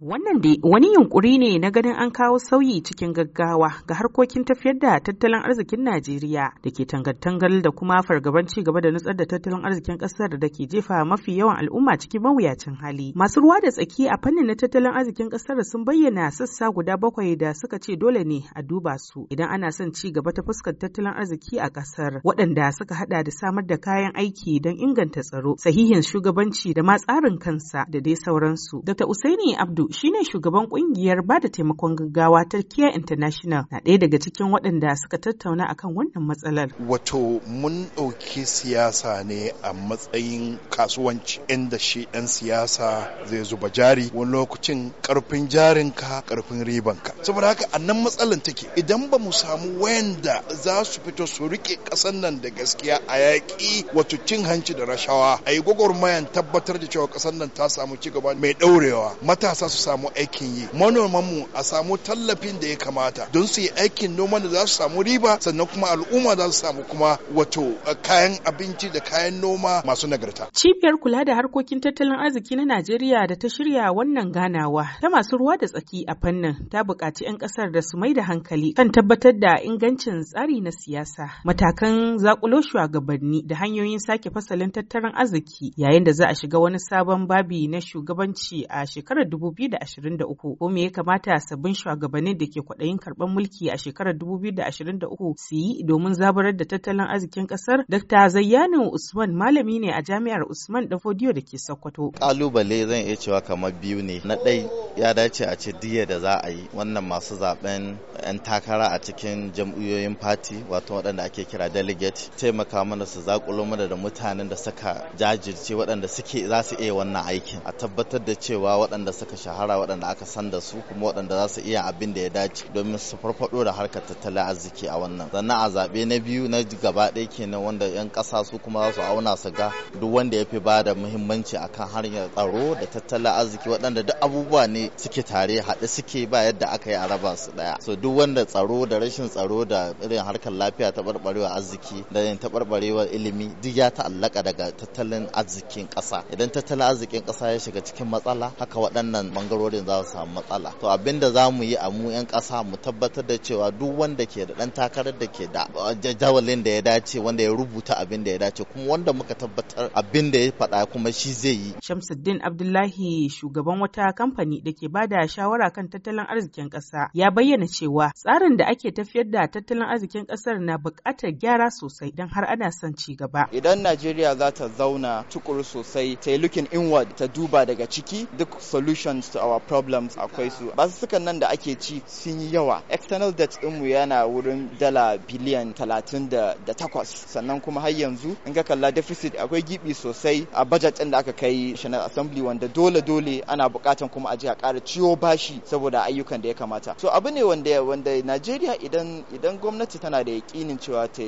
Wannan dai wani yunkuri ne na ganin an kawo sauyi cikin gaggawa ga harkokin tafiyar da tattalin arzikin Najeriya da ke tangantangal da kuma fargaban ci gaba da nutsar da tattalin arzikin ƙasar da ke jefa mafi yawan al'umma cikin mawuyacin hali. Masu ruwa da tsaki a fannin na tattalin arzikin ƙasar sun bayyana sassa guda bakwai da suka ce dole ne a duba su idan ana son ci gaba ta fuskar tattalin arziki a ƙasar waɗanda suka haɗa da samar da kayan aiki don inganta tsaro, sahihin shugabanci da ma tsarin kansa da dai sauransu. Dr. Usaini Abdu shine shugaban kungiyar ba da taimakon gaggawa ta kiya International na ɗaya daga cikin waɗanda suka tattauna akan wannan matsalar. Wato mun ɗauki siyasa ne a matsayin kasuwanci inda shi ɗan siyasa zai zuba jari wani lokacin ƙarfin jarinka ƙarfin ka Saboda haka a nan matsalar take idan ba mu samu wayanda za su fito su riƙe ƙasar nan da gaskiya a yaƙi wato cin hanci da rashawa a yi gwagwarmayan tabbatar da cewa ƙasar nan ta samu ci gaba mai ɗaurewa matasa su samu aikin yi manoman mu a samu tallafin da ya kamata don su yi aikin noma da za su samu riba sannan kuma al'umma za su samu kuma wato kayan abinci da kayan noma masu nagarta cibiyar kula da harkokin tattalin arziki na Najeriya da ta shirya wannan ganawa ta masu ruwa da tsaki a fannin ta buƙaci 'yan ƙasar da su mai da hankali kan tabbatar da ingancin tsari na siyasa matakan zakulo shugabanni da hanyoyin sake fasalin tattalin arziki yayin da za a shiga wani sabon babi na shugabanci a shekarar 2023 2023 ko me ya kamata sabbin shugabannin da ke kwaɗayin karɓar mulki a shekarar 2023 su yi domin zabarar da tattalin arzikin ƙasar Dr. Zayyanu Usman malami ne a Jami'ar Usman da fodiyo da ke Sokoto. Kalubale zan iya cewa kamar biyu ne. Na ɗai ya dace a ce diya da za a yi wannan masu zaben 'yan takara a cikin jam'iyyoyin fati wato waɗanda ake kira delegate taimaka mana su zakulo mana da mutanen da suka jajirce waɗanda suke za su iya wannan aikin a tabbatar da cewa waɗanda suka sha shahara waɗanda aka san da su kuma waɗanda za su iya abin da ya dace domin su farfado da harkar tattalin arziki a wannan sannan a zaɓe na biyu na gaba ɗaya kenan wanda 'yan ƙasa su kuma za su auna su ga duk wanda ya fi ba da muhimmanci a kan hanyar tsaro da tattalin arziki waɗanda duk abubuwa ne suke tare haɗe suke ba yadda aka yi a raba su ɗaya so duk wanda tsaro da rashin tsaro da irin harkar lafiya ta barbarewa arziki da yin taɓarɓarewar ilimi duk ya ta'allaka daga tattalin arzikin ƙasa idan tattalin arzikin ƙasa ya shiga cikin matsala haka waɗannan bangarorin za su samu matsala to abin da za mu yi a mu 'yan ƙasa mu tabbatar da cewa duk wanda ke da ɗan takarar da ke da jawalin da ya dace wanda ya rubuta abin da ya dace kuma wanda muka tabbatar abin da ya faɗa kuma shi zai yi Shamsuddin Abdullahi shugaban wata kamfani da ke bada shawara kan tattalin arzikin ƙasa ya bayyana cewa tsarin da ake tafiyar da tattalin arzikin ƙasar na buƙatar gyara sosai don har ana son ci gaba idan Najeriya za ta zauna tukuru sosai ta yi looking inward ta duba daga ciki duk solutions to our problems akwai su basussukan nan da ake ci sun yi yawa external debt mu yana wurin dala biliyan talatin da takwas sannan kuma har yanzu in ka kalla deficit akwai gibi sosai a budget ɗin da aka kai national assembly wanda dole dole ana bukatan kuma a ji a ƙara ciwo bashi saboda ayyukan da ya kamata so abu ne wanda wanda Najeriya idan idan gwamnati tana da yakinin cewa ta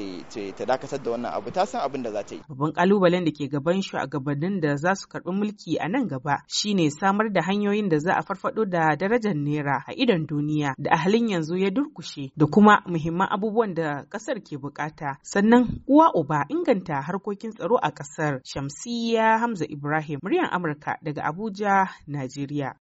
ta dakatar da wannan abu ta san abin da za ta yi babban kalubalen da ke gaban a gabanin da za su karɓi mulki a nan gaba shine samar da hanyoyin da da za a farfado da darajar naira a idon duniya da a halin yanzu ya durkushe da kuma muhimman abubuwan da kasar ke bukata sannan uwa uba inganta harkokin tsaro a kasar shamsiya hamza ibrahim muryan amurka daga abuja najeriya